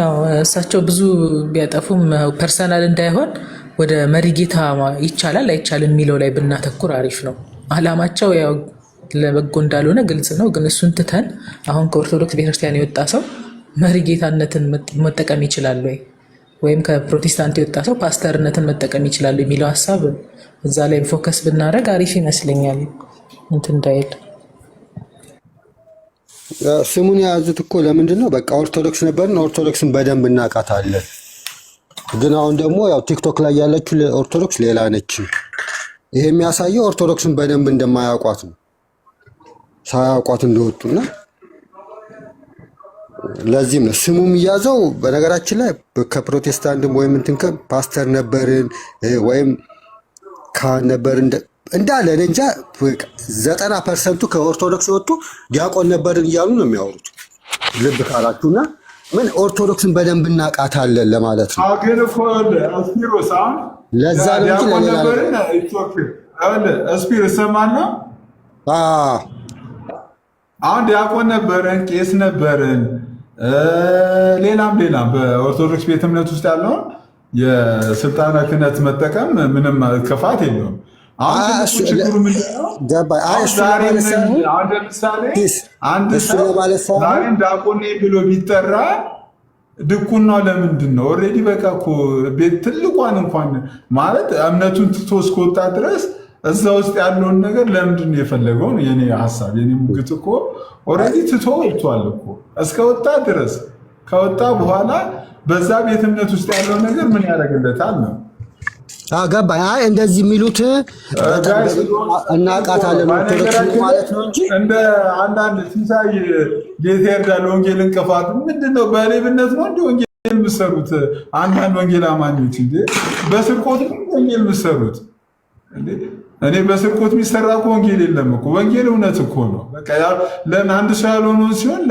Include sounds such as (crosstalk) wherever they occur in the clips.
ያው እሳቸው ብዙ ቢያጠፉም ፐርሰናል እንዳይሆን ወደ መሪጌታ ይቻላል አይቻልም የሚለው ላይ ብናተኩር አሪፍ ነው። አላማቸው ያው ለበጎ እንዳልሆነ ግልጽ ነው። ግን እሱን ትተን አሁን ከኦርቶዶክስ ቤተክርስቲያን የወጣ ሰው መሪጌታነትን መጠቀም ይችላል ወይ ወይም ከፕሮቴስታንት የወጣ ሰው ፓስተርነትን መጠቀም ይችላሉ የሚለው ሀሳብ እዛ ላይ ፎከስ ብናደረግ አሪፍ ይመስለኛል እንትን እንዳይል ስሙን የያዙት እኮ ለምንድን ነው? በቃ ኦርቶዶክስ ነበርን፣ ኦርቶዶክስን በደንብ እናውቃታለን። ግን አሁን ደግሞ ያው ቲክቶክ ላይ ያለችው ኦርቶዶክስ ሌላ ነች። ይሄ የሚያሳየው ኦርቶዶክስን በደንብ እንደማያውቋት ነው፣ ሳያውቋት እንደወጡና ለዚህም ነው ስሙ የሚያዘው። በነገራችን ላይ ከፕሮቴስታንትም ወይም እንትን ፓስተር ነበርን ወይም ካህን ነበርን እንዳለ እኔ እንጃ ዘጠና ፐርሰንቱ ከኦርቶዶክስ ወጡ ዲያቆን ነበርን እያሉ ነው የሚያወሩት። ልብ ካላችሁና ምን ኦርቶዶክስን በደንብ እናቃታለን ለማለት ነው። ለዛ ነው አሁን ዲያቆን ነበርን፣ ቄስ ነበርን፣ ሌላም ሌላም በኦርቶዶክስ ቤተ እምነት ውስጥ ያለውን የስልጣነ ክህነት መጠቀም ምንም ክፋት የለውም። ዛሬም ዳቆኔ ብሎ ቢጠራ ድቁና ለምንድን ነው? ኦልሬዲ በቃ እኮ ቤት ትልቋን እንኳን ማለት እምነቱን ትቶ እስከወጣ ድረስ እዛ ውስጥ ያለውን ነገር ለምንድን ነው የፈለገው? የኔ ሀሳብ የኔ ሙግት እኮ ኦልሬዲ ትቶ ወጥቷል እኮ እስከወጣ ድረስ ከወጣ በኋላ በዛ ቤት እምነት ውስጥ ያለውን ነገር ምን ያደርግለታል ነው ገባኝ። አይ እንደዚህ የሚሉት እናቃታለን ማለት ነው እንጂ እንደ አንዳንድ ሲሳይ ጌታ ይርዳል ወንጌል እንቅፋት ምንድን ነው? በሌብነት ነው እንደ ወንጌል የምሰሩት አንዳንድ ወንጌል አማኞች እንዴ በስርቆት ወንጌል የምሰሩት እኔ በስርቆት የሚሰራ እኮ ወንጌል የለም እኮ ወንጌል እውነት እኮ ነው። ለምን አንድ ሰው ያልሆነውን ሲሆን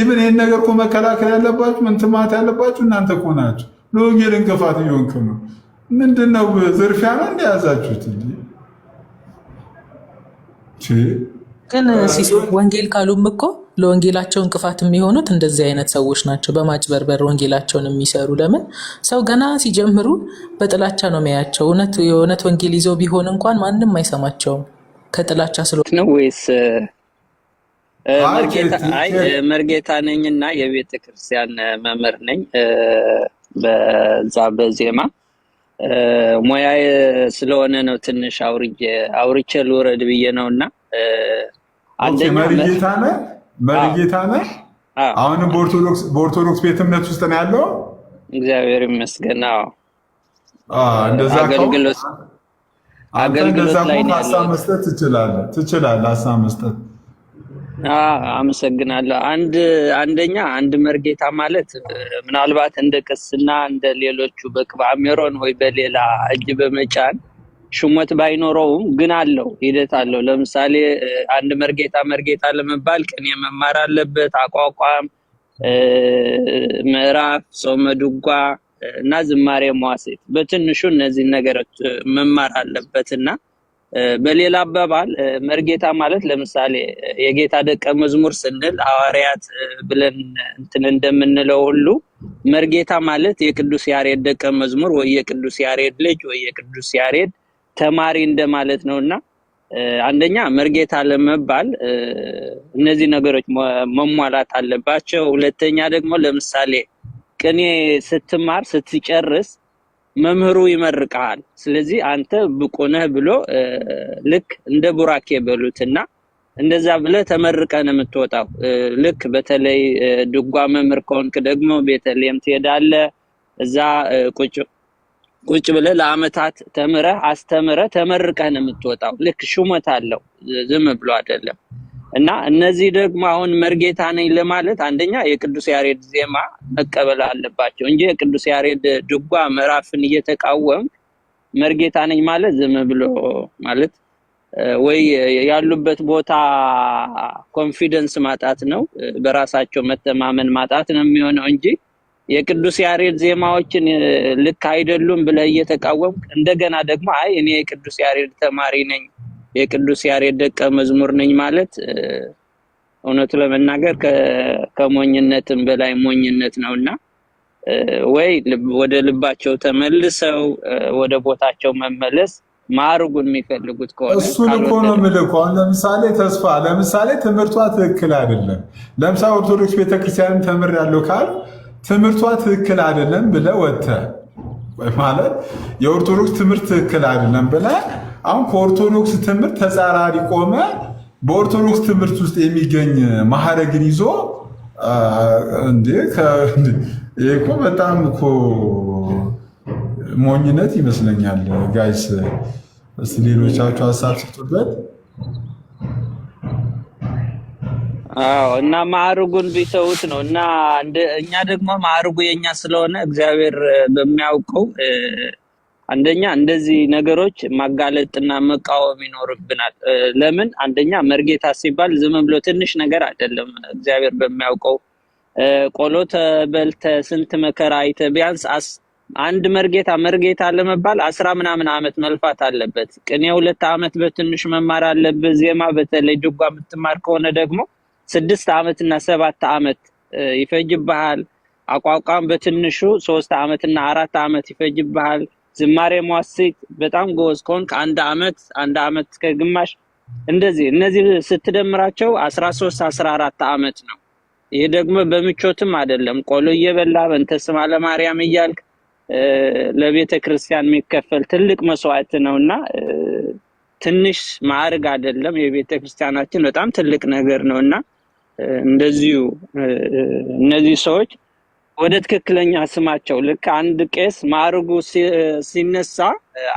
ኢብን ይህን ነገር እኮ መከላከል ያለባችሁ ምንትማት ያለባችሁ እናንተ እኮ ናችሁ። ለወንጌል እንቅፋት እየሆንክ ነው ምንድን ነው ዝርፊያ ነው እንደያዛችሁት እ ግን ሲሶ ወንጌል ካሉም እኮ ለወንጌላቸው እንቅፋት የሚሆኑት እንደዚህ አይነት ሰዎች ናቸው። በማጭበርበር ወንጌላቸውን የሚሰሩ ለምን ሰው ገና ሲጀምሩ በጥላቻ ነው የሚያያቸው። የእውነት ወንጌል ይዘው ቢሆን እንኳን ማንም አይሰማቸውም ከጥላቻ ስለሆነ ወይስ መርጌታ ነኝ እና የቤተ ክርስቲያን መምህር ነኝ በዛ በዜማ ሙያዬ ስለሆነ ነው ትንሽ አውርጄ አውርቼ ልውረድ ብዬ ነው። እና መሪጌታ ነህ? አሁንም በኦርቶዶክስ ቤት እምነት ውስጥ ነው ያለው? እግዚአብሔር ይመስገን። አገልግሎት ላይ ሀሳብ መስጠት ትችላለህ፣ ሀሳብ መስጠት አመሰግናለሁ። አንድ አንደኛ አንድ መርጌታ ማለት ምናልባት እንደ ቅስና እንደ ሌሎቹ በቅብዓ ሜሮን ወይ በሌላ እጅ በመጫን ሹመት ባይኖረውም ግን አለው ሂደት አለው። ለምሳሌ አንድ መርጌታ መርጌታ ለመባል ቅኔ መማር አለበት፣ አቋቋም፣ ምዕራፍ፣ ጾመ ድጓ እና ዝማሬ መዋሴት በትንሹ እነዚህን ነገሮች መማር አለበት እና በሌላ አባባል መርጌታ ማለት ለምሳሌ የጌታ ደቀ መዝሙር ስንል ሐዋርያት ብለን እንትን እንደምንለው ሁሉ መርጌታ ማለት የቅዱስ ያሬድ ደቀ መዝሙር ወይ የቅዱስ ያሬድ ልጅ ወይ የቅዱስ ያሬድ ተማሪ እንደማለት ነው እና አንደኛ መርጌታ ለመባል እነዚህ ነገሮች መሟላት አለባቸው። ሁለተኛ ደግሞ ለምሳሌ ቅኔ ስትማር ስትጨርስ መምህሩ ይመርቀሃል። ስለዚህ አንተ ብቁ ነህ ብሎ ልክ እንደ ቡራኬ በሉትና እንደዛ ብለ ተመርቀ ነው የምትወጣው። ልክ በተለይ ድጓ መምህር ከሆንክ ደግሞ ቤተልሔም ትሄዳለ። እዛ ቁጭ ቁጭ ለአመታት ተምረህ አስተምረህ ተመርቀህ ነው የምትወጣው። ልክ ሹመት አለው፣ ዝም ብሎ አይደለም። እና እነዚህ ደግሞ አሁን መርጌታ ነኝ ለማለት አንደኛ የቅዱስ ያሬድ ዜማ መቀበል አለባቸው እንጂ የቅዱስ ያሬድ ድጓ ምዕራፍን እየተቃወም መርጌታ ነኝ ማለት ዝም ብሎ ማለት ወይ ያሉበት ቦታ ኮንፊደንስ ማጣት ነው፣ በራሳቸው መተማመን ማጣት ነው የሚሆነው እንጂ የቅዱስ ያሬድ ዜማዎችን ልክ አይደሉም ብለህ እየተቃወም እንደገና ደግሞ አይ እኔ የቅዱስ ያሬድ ተማሪ ነኝ የቅዱስ ያሬድ ደቀ መዝሙር ነኝ ማለት እውነቱ ለመናገር ከሞኝነትም በላይ ሞኝነት ነው እና ወይ ወደ ልባቸው ተመልሰው ወደ ቦታቸው መመለስ ማርጉን የሚፈልጉት ከሆነ እሱን እኮ ነው የምልህ። ለምሳሌ ተስፋ ለምሳሌ ትምህርቷ ትክክል አይደለም። ለምሳሌ ኦርቶዶክስ ተምር ያለው ካል ትምህርቷ ትክክል አይደለም ብለህ ወጥተህ ማለት የኦርቶዶክስ ትምህርት ትክክል አይደለም ብለህ አሁን ከኦርቶዶክስ ትምህርት ተጻራሪ ቆመ በኦርቶዶክስ ትምህርት ውስጥ የሚገኝ ማህረግን ይዞ ይሄ እኮ በጣም እኮ ሞኝነት ይመስለኛል። ጋይስ፣ ሌሎቻችሁ ሀሳብ ስጡበት። አዎ እና ማዕርጉን ቢተውት ነው። እና እኛ ደግሞ ማዕርጉ የኛ ስለሆነ እግዚአብሔር በሚያውቀው አንደኛ እንደዚህ ነገሮች ማጋለጥና መቃወም ይኖርብናል። ለምን አንደኛ መርጌታ ሲባል ዝም ብሎ ትንሽ ነገር አይደለም። እግዚአብሔር በሚያውቀው ቆሎ ተበልተ ስንት መከራ አይተ ቢያንስ አንድ መርጌታ መርጌታ ለመባል አስራ ምናምን አመት መልፋት አለበት። ቅኔ ሁለት አመት በትንሽ መማር አለበት። ዜማ በተለይ ድጓ የምትማር ከሆነ ደግሞ ስድስት ዓመትና ሰባት ዓመት ይፈጅብሃል። አቋቋም በትንሹ ሶስት ዓመትና አራት ዓመት ይፈጅብሃል። ዝማሬ መዋስቅ በጣም ጎበዝ ከሆን ከአንድ ዓመት አንድ ዓመት ከግማሽ እንደዚህ እነዚህ ስትደምራቸው አስራ ሶስት አስራ አራት ዓመት ነው። ይህ ደግሞ በምቾትም አይደለም። ቆሎ እየበላ በእንተ ስማ ለማርያም እያልክ ለቤተ ክርስቲያን የሚከፈል ትልቅ መስዋዕት ነው እና ትንሽ ማዕርግ አይደለም። የቤተ ክርስቲያናችን በጣም ትልቅ ነገር ነው እና እንደዚሁ እነዚህ ሰዎች ወደ ትክክለኛ ስማቸው ልክ አንድ ቄስ ማዕርጉ ሲነሳ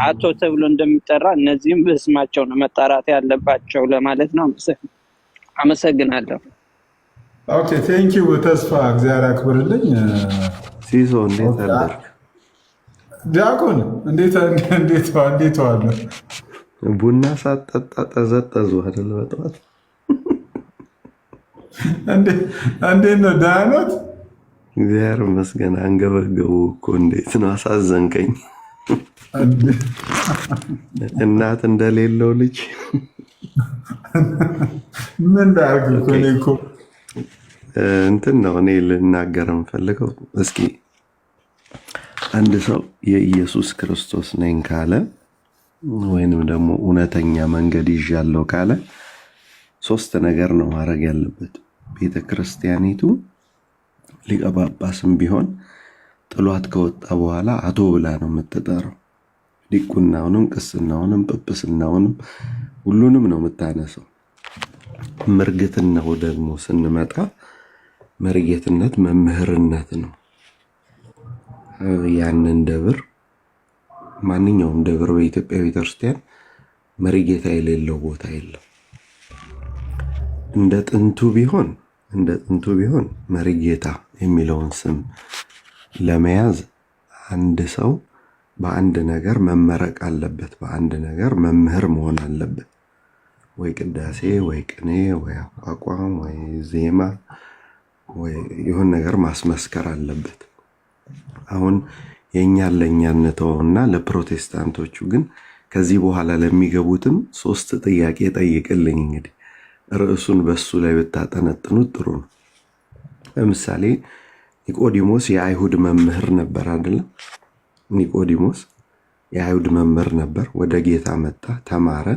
አቶ ተብሎ እንደሚጠራ እነዚህም በስማቸው ነው መጣራት ያለባቸው ለማለት ነው። አመሰግናለሁ። ኦኬ ቴንክ ዩ ተስፋ፣ እግዚአብሔር አክብርልኝ። ሲሶ እንዴት አደርክ? ዲያቆን እንዴት ዋለ? ቡና ሳትጠጣ ጠዘጠዙ አይደል በጠዋት እንዴት ነው ዳህነት? እግዚአብሔር ይመስገን። አንገበገቡ እኮ እንዴት ነው አሳዘንከኝ። እናት እንደሌለው ልጅ ምን ዳርግ እንትን ነው እኔ ልናገር የምፈልገው እስኪ አንድ ሰው የኢየሱስ ክርስቶስ ነኝ ካለ ወይንም ደግሞ እውነተኛ መንገድ ይዣለው ካለ ሶስት ነገር ነው ማድረግ ያለበት። ቤተ ክርስቲያኒቱ ሊቀ ጳጳስም ቢሆን ጥሏት ከወጣ በኋላ አቶ ብላ ነው የምትጠራው። ዲቁናውንም፣ ቅስናውንም፣ ጵጵስናውንም ሁሉንም ነው የምታነሰው። ምርግትናው ደግሞ ስንመጣ መርጌትነት መምህርነት ነው። ያንን ደብር ማንኛውም ደብር በኢትዮጵያ ቤተክርስቲያን መርጌታ የሌለው ቦታ የለም። እንደ ጥንቱ ቢሆን እንደ ጥንቱ ቢሆን መሪጌታ የሚለውን ስም ለመያዝ አንድ ሰው በአንድ ነገር መመረቅ አለበት። በአንድ ነገር መምህር መሆን አለበት። ወይ ቅዳሴ፣ ወይ ቅኔ፣ ወይ አቋቋም፣ ወይ ዜማ፣ ወይ ይሁን ነገር ማስመስከር አለበት። አሁን የእኛን ለእኛ እንተወውና ለፕሮቴስታንቶቹ ግን ከዚህ በኋላ ለሚገቡትም ሶስት ጥያቄ ጠይቅልኝ እንግዲህ ርዕሱን በሱ ላይ ብታጠነጥኑት ጥሩ ነው። ለምሳሌ ኒቆዲሞስ የአይሁድ መምህር ነበር አይደለም? ኒቆዲሞስ የአይሁድ መምህር ነበር። ወደ ጌታ መጣ፣ ተማረ።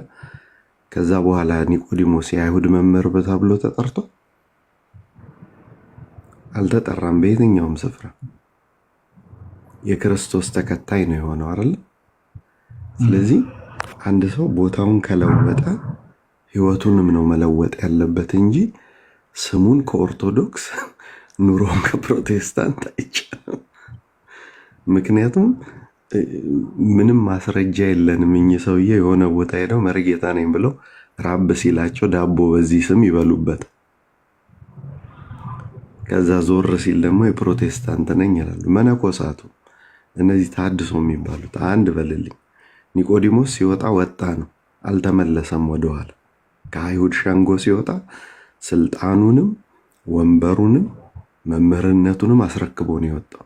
ከዛ በኋላ ኒቆዲሞስ የአይሁድ መምህር ተብሎ ተጠርቶ አልተጠራም። በየትኛውም ስፍራ የክርስቶስ ተከታይ ነው የሆነው አይደለም? ስለዚህ አንድ ሰው ቦታውን ከለወጠ ህይወቱንም ነው መለወጥ ያለበት እንጂ ስሙን ከኦርቶዶክስ (laughs) ኑሮን ከፕሮቴስታንት አይቻልም። ምክንያቱም ምንም ማስረጃ የለንም። እኚህ ሰውዬ የሆነ ቦታ ሄደው መርጌታ ነኝ ብለው ራብ ሲላቸው ዳቦ በዚህ ስም ይበሉበት፣ ከዛ ዞር ሲል ደግሞ የፕሮቴስታንት ነኝ ይላሉ። መነኮሳቱ እነዚህ ታድሶ የሚባሉት አንድ በልልኝ ኒቆዲሞስ ሲወጣ ወጣ ነው፣ አልተመለሰም ወደኋላ ከአይሁድ ሸንጎ ሲወጣ ስልጣኑንም ወንበሩንም መምህርነቱንም አስረክቦ ነው የወጣው።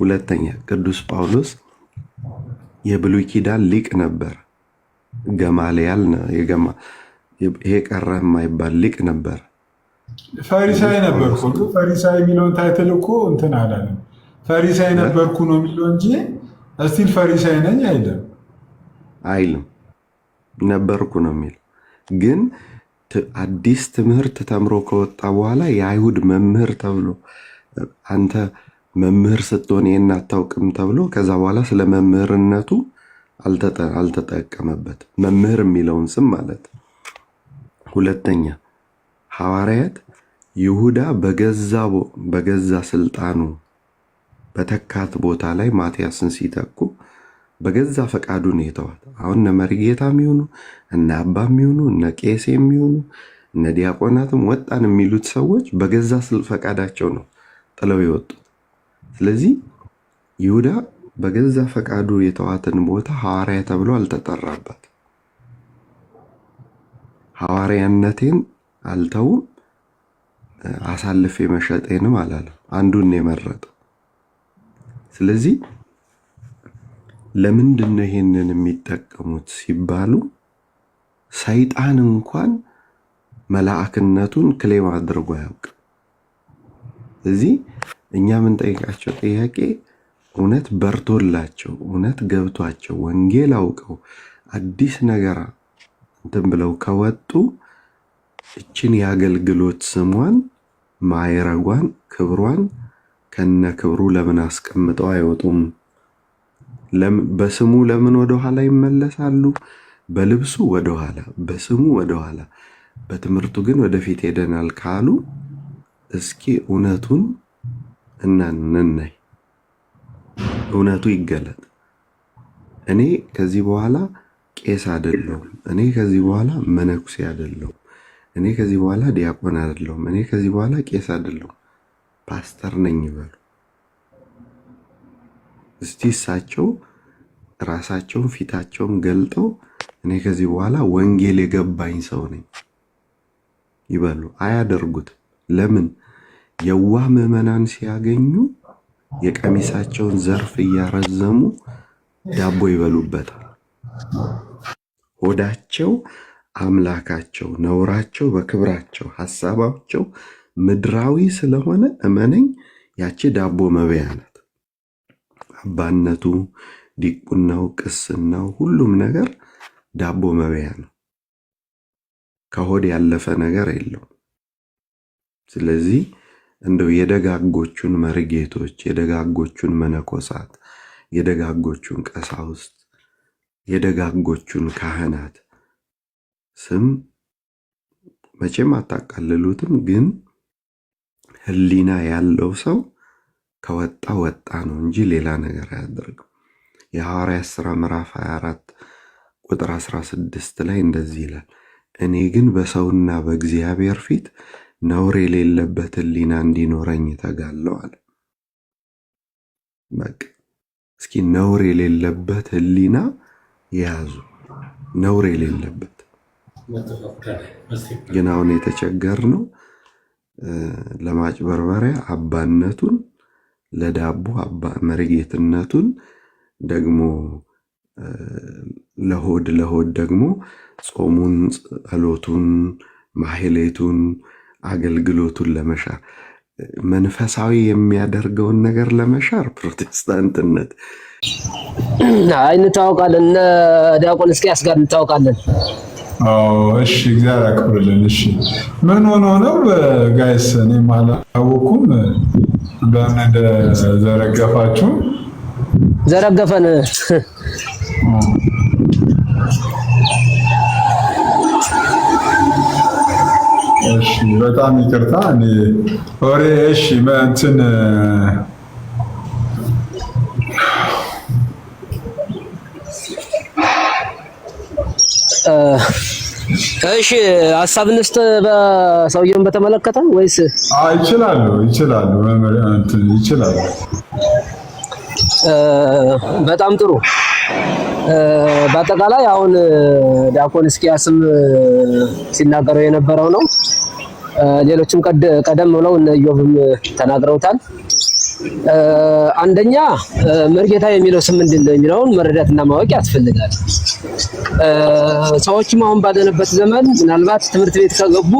ሁለተኛ ቅዱስ ጳውሎስ የብሉይ ኪዳን ሊቅ ነበር። ገማልያል ይሄ ቀረ የማይባል ሊቅ ነበር። ፈሪሳይ ነበርኩ። ፈሪሳይ የሚለውን ታይትል እኮ እንትን አላለም። ፈሪሳይ ነበርኩ ነው የሚለው እንጂ እስቲል ፈሪሳይ ነኝ አይልም አይልም። ነበርኩ ነው የሚለው። ግን አዲስ ትምህርት ተምሮ ከወጣ በኋላ የአይሁድ መምህር ተብሎ አንተ መምህር ስትሆን ይህን አታውቅም ተብሎ ከዛ በኋላ ስለ መምህርነቱ አልተጠቀመበት መምህር የሚለውን ስም ማለት። ሁለተኛ ሐዋርያት ይሁዳ በገዛ ስልጣኑ በተካት ቦታ ላይ ማትያስን ሲተኩ በገዛ ፈቃዱ ነው የተዋት። አሁን እነ መሪጌታ የሚሆኑ እነ አባ የሚሆኑ እነ ቄሴ የሚሆኑ እነ ዲያቆናትም ወጣን የሚሉት ሰዎች በገዛ ፈቃዳቸው ነው ጥለው የወጡት። ስለዚህ ይሁዳ በገዛ ፈቃዱ የተዋትን ቦታ ሐዋርያ ተብሎ አልተጠራበት። ሐዋርያነቴን አልተውም አሳልፌ መሸጤንም አላለም። አንዱን የመረጠው ስለዚህ ለምንድን ነው ይሄንን የሚጠቀሙት ሲባሉ ሰይጣን እንኳን መላእክነቱን ክሌም አድርጎ ያውቅ። እዚህ እኛ የምንጠይቃቸው ጥያቄ እውነት በርቶላቸው እውነት ገብቷቸው ወንጌል አውቀው አዲስ ነገር እንትን ብለው ከወጡ እችን የአገልግሎት ስሟን ማይረጓን ክብሯን ከነ ክብሩ ለምን አስቀምጠው አይወጡም? በስሙ ለምን ወደኋላ ይመለሳሉ? በልብሱ ወደኋላ፣ በስሙ ወደኋላ፣ በትምህርቱ ግን ወደፊት ሄደናል ካሉ እስኪ እውነቱን እናንናይ፣ እውነቱ ይገለጥ። እኔ ከዚህ በኋላ ቄስ አይደለሁም። እኔ ከዚህ በኋላ መነኩሴ አይደለሁም። እኔ ከዚህ በኋላ ዲያቆን አይደለሁም። እኔ ከዚህ በኋላ ቄስ አይደለሁም። ፓስተር ነኝ ይበሉ። እስቲ እሳቸው ራሳቸውን ፊታቸውን ገልጠው እኔ ከዚህ በኋላ ወንጌል የገባኝ ሰው ነኝ ይበሉ። አያደርጉትም። ለምን? የዋህ ምዕመናን ሲያገኙ የቀሚሳቸውን ዘርፍ እያረዘሙ ዳቦ ይበሉበታል። ሆዳቸው አምላካቸው፣ ነውራቸው በክብራቸው፣ ሀሳባቸው ምድራዊ ስለሆነ እመነኝ ያቺ ዳቦ መብያ ናት። አባነቱ፣ ዲቁናው፣ ቅስናው ሁሉም ነገር ዳቦ መብያ ነው። ከሆድ ያለፈ ነገር የለውም። ስለዚህ እንደው የደጋጎቹን መርጌቶች፣ የደጋጎቹን መነኮሳት፣ የደጋጎቹን ቀሳውስት፣ የደጋጎቹን ካህናት ስም መቼም አታቃልሉትም። ግን ህሊና ያለው ሰው ከወጣ ወጣ ነው እንጂ ሌላ ነገር አያደርግም። የሐዋርያ ሥራ ምዕራፍ 24 ቁጥር 16 ላይ እንደዚህ ይላል፣ እኔ ግን በሰውና በእግዚአብሔር ፊት ነውር የሌለበት ሕሊና እንዲኖረኝ ተጋለው አለ። በቃ እስኪ ነውር የሌለበት ሕሊና የያዙ ነውር የሌለበት ግን አሁን የተቸገር ነው ለማጭበርበሪያ አባነቱን ለዳቦ አባ መርጌትነቱን ደግሞ ለሆድ ለሆድ ደግሞ ጾሙን፣ ጸሎቱን፣ ማህሌቱን አገልግሎቱን ለመሻር መንፈሳዊ የሚያደርገውን ነገር ለመሻር ፕሮቴስታንትነት አይ እንታወቃለን። እነ ዲያቆን እስኪያስ ጋር እንታወቃለን። እሺ እግዚአብሔር ያክብርልን። እሺ ምን ሆኖ ነው ጋይስ? እኔም አላወኩም። በምን እንደዘረገፋችሁ ዘረገፈን እሺ በጣም ይቅርታ። እኔ ወሬ እሺ እንትን እሺ ሀሳብ ንስት በሰውየውን በተመለከተ ወይስ ይችላሉ ይችላሉ ይችላሉ። በጣም ጥሩ በአጠቃላይ አሁን ዲያቆን እስኪያስም ሲናገረው የነበረው ነው። ሌሎችም ቀደም ብለው እነ ኢዮብም ተናግረውታል። አንደኛ መርጌታ የሚለው ስም ምንድን ነው የሚለውን መረዳትና ማወቅ ያስፈልጋል። ሰዎችም አሁን ባለንበት ዘመን ምናልባት ትምህርት ቤት ከገቡ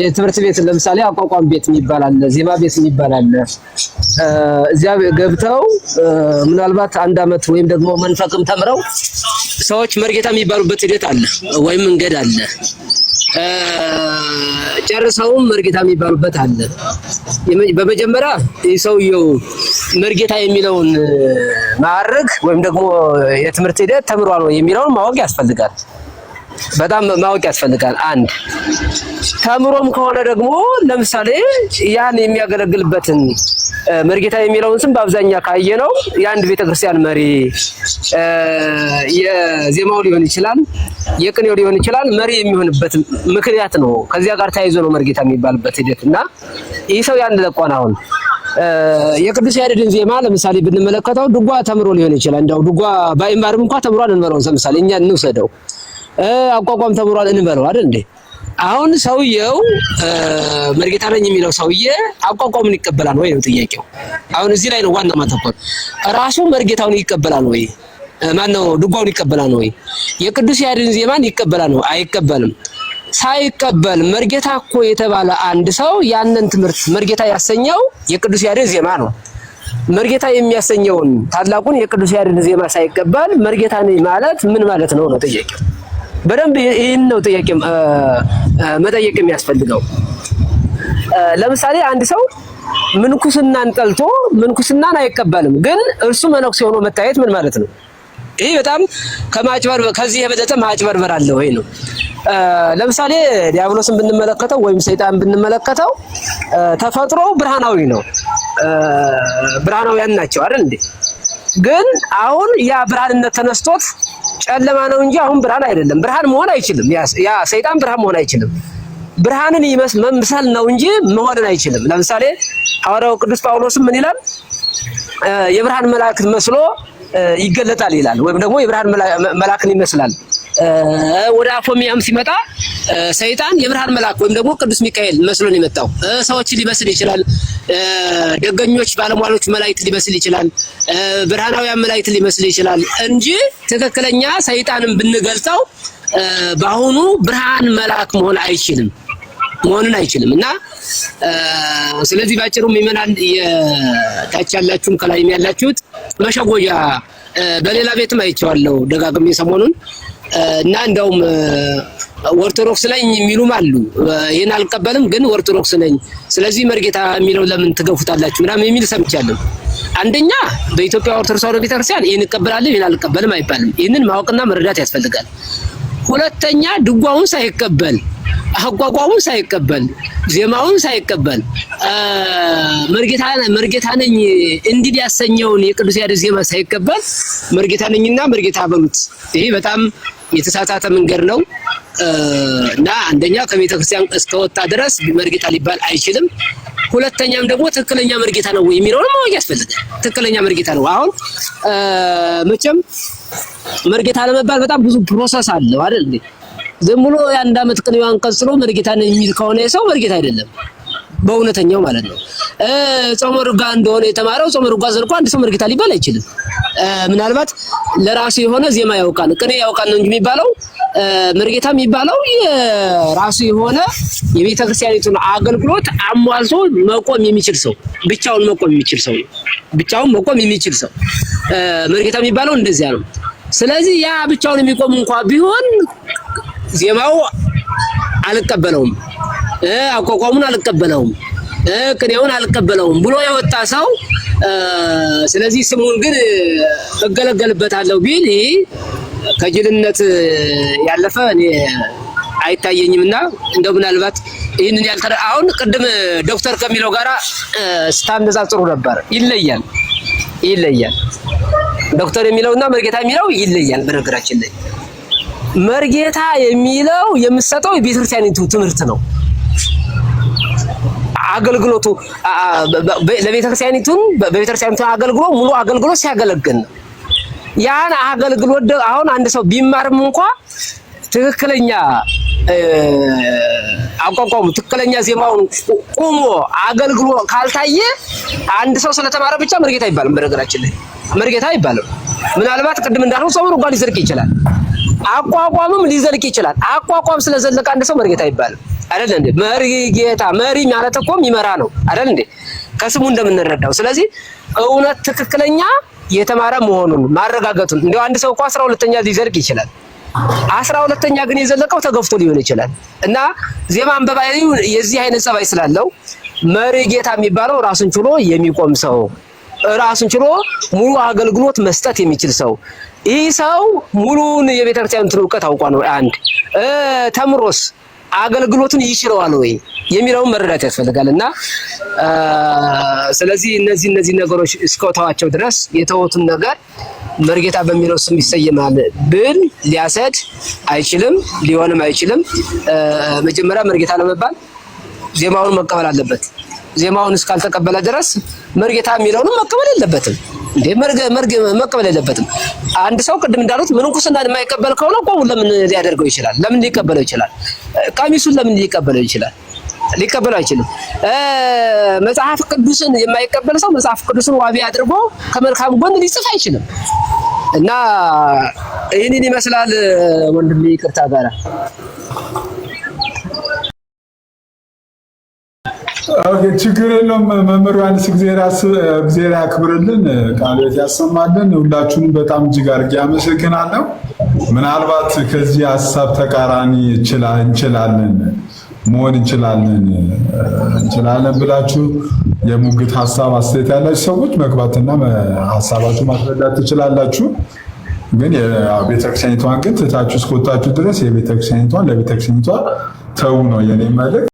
የትምህርት ቤት ለምሳሌ አቋቋም ቤት የሚባል አለ፣ ዜማ ቤት የሚባል አለ። እዚያ ገብተው ምናልባት አንድ ዓመት ወይም ደግሞ መንፈቅም ተምረው ሰዎች መርጌታ የሚባሉበት ሂደት አለ ወይም መንገድ አለ። ጨርሰውም መርጌታ የሚባሉበት አለ። በመጀመሪያ ሰውየው መርጌታ የሚለውን ማዕረግ ወይም ደግሞ የትምህርት ሂደት ተምሯል ነው የሚለውን ማወቅ ያስፈልጋል። በጣም ማወቅ ያስፈልጋል። አንድ ተምሮም ከሆነ ደግሞ ለምሳሌ ያን የሚያገለግልበትን መርጌታ የሚለውን ስም በአብዛኛ ካየ ነው የአንድ ቤተክርስቲያን መሪ የዜማው ሊሆን ይችላል፣ የቅኔው ሊሆን ይችላል መሪ የሚሆንበት ምክንያት ነው። ከዚያ ጋር ተያይዞ ነው መርጌታ የሚባልበት ሂደት እና ይህ ሰው የአንድ ለቋን አሁን የቅዱስ ያሬድን ዜማ ለምሳሌ ብንመለከተው ድጓ ተምሮ ሊሆን ይችላል። እንደው ድጓ ባይማርም እንኳ ተምሯል እንበለው። ለምሳሌ እኛ እንውሰደው አቋቋም ተምሯል እንበለው አይደል እንዴ? አሁን ሰውየው መርጌታ ነኝ የሚለው ሰውዬ አቋቋሙን ይቀበላል ወይ ነው ጥያቄው። አሁን እዚህ ላይ ነው ዋና ማተኮር። ራሱ መርጌታውን ይቀበላል ወይ? ማን ነው ድጓውን ይቀበላል ወይ? የቅዱስ ያድን ዜማን ይቀበላል ነው? አይቀበልም። ሳይቀበል መርጌታ እኮ የተባለ አንድ ሰው ያንን ትምህርት መርጌታ ያሰኘው የቅዱስ ያድን ዜማ ነው። መርጌታ የሚያሰኘውን ታላቁን የቅዱስ ያድን ዜማ ሳይቀበል መርጌታ ነኝ ማለት ምን ማለት ነው ነው ጥያቄው። በደንብ ይህን ነው ጥያቄ መጠየቅ የሚያስፈልገው። ለምሳሌ አንድ ሰው ምንኩስናን ጠልቶ ምንኩስናን አይቀበልም፣ ግን እርሱ መነኩሴ ሆኖ መታየት ምን ማለት ነው? ይህ በጣም ከማጭበርበር ከዚህ የበለጠ ማጭበርበር አለ ወይ ነው። ለምሳሌ ዲያብሎስን ብንመለከተው ወይም ሰይጣን ብንመለከተው ተፈጥሮ ብርሃናዊ ነው፣ ብርሃናውያን ናቸው አይደል እንዴ? ግን አሁን ያ ብርሃንነት ተነስቶት ጨለማ ነው እንጂ አሁን ብርሃን አይደለም። ብርሃን መሆን አይችልም። ያ ሰይጣን ብርሃን መሆን አይችልም። ብርሃንን መምሰል ነው እንጂ መሆንን አይችልም። ለምሳሌ ሐዋርያው ቅዱስ ጳውሎስም ምን ይላል? የብርሃን መልአክ መስሎ ይገለጣል ይላል። ወይም ደግሞ የብርሃን መልአክን ይመስላል ወደ አፎሚያም ሲመጣ ሰይጣን የብርሃን መልአክ ወይም ደግሞ ቅዱስ ሚካኤል መስሎ ነው የመጣው። ሰዎችን ሊመስል ይችላል። ደገኞች ባለሟሎች መላእክት ሊመስል ይችላል። ብርሃናውያን መላእክት ሊመስል ይችላል እንጂ ትክክለኛ ሰይጣንን ብንገልጸው በአሁኑ ብርሃን መልአክ መሆን አይችልም መሆንን አይችልም እና ስለዚህ ባጭሩ የሚመናል የታች ያላችሁም ከላይም ያላችሁት መሸጎጃ በሌላ ቤትም አይቼዋለሁ ደጋግሜ ሰሞኑን እና እንደውም ኦርቶዶክስ ነኝ የሚሉም አሉ። ይህን አልቀበልም፣ ግን ኦርቶዶክስ ነኝ፣ ስለዚህ መርጌታ የሚለው ለምን ትገፉታላችሁ ምናምን የሚል ሰምቻለሁ። አንደኛ በኢትዮጵያ ኦርቶዶክስ ተዋሕዶ ቤተክርስቲያን ይህን እቀበላለሁ፣ ይህን አልቀበልም አይባልም። ይህንን ማወቅና መረዳት ያስፈልጋል። ሁለተኛ ድጓውን ሳይቀበል አቋቋሙን ሳይቀበል ዜማውን ሳይቀበል መርጌታ ነኝ እንዲህ ያሰኘውን የቅዱስ ያሬድ ዜማ ሳይቀበል መርጌታ ነኝና መርጌታ በሉት። ይሄ በጣም የተሳሳተ መንገድ ነው እና አንደኛ ከቤተ ክርስቲያን እስከወጣ ድረስ መርጌታ ሊባል አይችልም። ሁለተኛም ደግሞ ትክክለኛ መርጌታ ነው የሚለውን ማወቅ ያስፈልጋል። ትክክለኛ መርጌታ ነው አሁን መቼም መርጌታ ለመባል በጣም ብዙ ፕሮሰስ አለው አይደል ዝም ብሎ የአንድ አመት ቅኔዋን ቀጽሎ መርጌታን የሚል ከሆነ የሰው መርጌታ አይደለም። በእውነተኛው ማለት ነው። ጾመ ድጓ እንደሆነ የተማረው ጾመ ድጓ ዘልቆ አንድ ሰው መርጌታ ሊባል አይችልም። ምናልባት ለራሱ የሆነ ዜማ ያውቃል፣ ቅኔ ያውቃል ነው እንጂ የሚባለው መርጌታ የሚባለው የራሱ የሆነ ክርስቲያኒቱን አገልግሎት አሟልቶ መቆም የሚችል ሰው ብቻውን መቆም የሚችል ሰው ብቻውን መቆም የሚችል ሰው መርጌታ የሚባለው እንደዚያ ነው። ስለዚህ ያ ብቻውን የሚቆም እንኳ ቢሆን ዜማው አልቀበለውም። አቋቋሙን አልቀበለውም፣ ቅኔውን አልቀበለውም ብሎ የወጣ ሰው ስለዚህ ስሙን ግን እገለገልበታለሁ ቢል ይህ ከጅልነት ያለፈ እኔ አይታየኝም ና እንደው ምናልባት ይህንን ያልተረ አሁን ቅድም ዶክተር ከሚለው ጋር ስታነጻጽሩ ነበር። ይለያል ይለያል። ዶክተር የሚለውና መርጌታ የሚለው ይለያል። በነገራችን ላይ መርጌታ የሚለው የምትሰጠው የቤተክርስቲያኒቱ ትምህርት ነው። አገልግሎቱ ለቤተክርስቲያኒቱን በቤተክርስቲያኒቱ አገልግሎ ሙሉ አገልግሎት ሲያገለግል ነው። ያን አገልግሎት አሁን አንድ ሰው ቢማርም እንኳ ትክክለኛ አቋቋሙ ትክክለኛ ዜማውን ቁሞ አገልግሎ ካልታየ አንድ ሰው ስለተማረ ብቻ መርጌታ አይባልም። በነገራችን ላይ መርጌታ አይባልም። ምናልባት ቅድም እንዳልነው ሰው እንኳን ሊዘልቅ ይችላል፣ አቋቋምም ሊዘልቅ ይችላል። አቋቋም ስለዘለቀ አንድ ሰው መርጌታ አይባልም። አይደል እንዴ? መሪ ጌታ መሪ ማለት እኮ የሚመራ ነው አይደል እንዴ? ከስሙ እንደምንረዳው። ስለዚህ እውነት ትክክለኛ የተማረ መሆኑን ማረጋገጡን እንደው አንድ ሰው እኮ አስራ ሁለተኛ ሊዘልቅ ይችላል። አስራ ሁለተኛ ግን የዘለቀው ተገፍቶ ሊሆን ይችላል። እና ዜማ አንበባዊ የዚህ አይነት ጸባይ ስላለው መሪ ጌታ የሚባለው ራሱን ችሎ የሚቆም ሰው፣ ራሱን ችሎ ሙሉ አገልግሎት መስጠት የሚችል ሰው ይህ ሰው ሙሉን የቤተክርስቲያን እውቀት አውቋ ነው። አንድ ተምሮስ አገልግሎቱን ይሽረዋል ወይ የሚለውን መረዳት ያስፈልጋል። እና ስለዚህ እነዚህ እነዚህ ነገሮች እስከተዋቸው ድረስ የተወቱን ነገር መርጌታ በሚለው ስም ይሰየማል ብል ሊያሰድ አይችልም፣ ሊሆንም አይችልም። መጀመሪያ መርጌታ ለመባል ዜማውን መቀበል አለበት። ዜማውን እስካልተቀበለ ድረስ መርጌታ የሚለውንም መቀበል የለበትም። እንዴ መቀበል የለበትም። አንድ ሰው ቅድም እንዳሉት ምንኩስና የማይቀበል ከሆነ ቆቡን ለምን ሊያደርገው ይችላል? ለምን ሊቀበለው ይችላል? ቀሚሱን ለምን ሊቀበለው ይችላል? ሊቀበለው አይችልም። መጽሐፍ ቅዱስን የማይቀበል ሰው መጽሐፍ ቅዱስን ዋቢ አድርጎ ከመልካም ጎን ሊጽፍ አይችልም እና ይህንን ይመስላል ወንድም ይቅርታ ጋራ ችግር የለውም። መምህር ዮሐንስ እግዜር ያክብርልን፣ ቃሎት ያሰማልን። ሁላችሁንም በጣም እጅግ አድርጌ አመሰግናለሁ። ምናልባት ከዚህ ሀሳብ ተቃራኒ እንችላለን መሆን እንችላለን እንችላለን ብላችሁ የሙግት ሀሳብ አስተያየት ያላችሁ ሰዎች መግባትና ሀሳባችሁ ማስረዳት ትችላላችሁ። ግን ቤተክርስቲያኒቷን ግን ትታችሁ እስከወጣችሁ ድረስ የቤተክርስቲያኒቷን ለቤተክርስቲያኒቷ ተው ነው የኔ መልዕክት።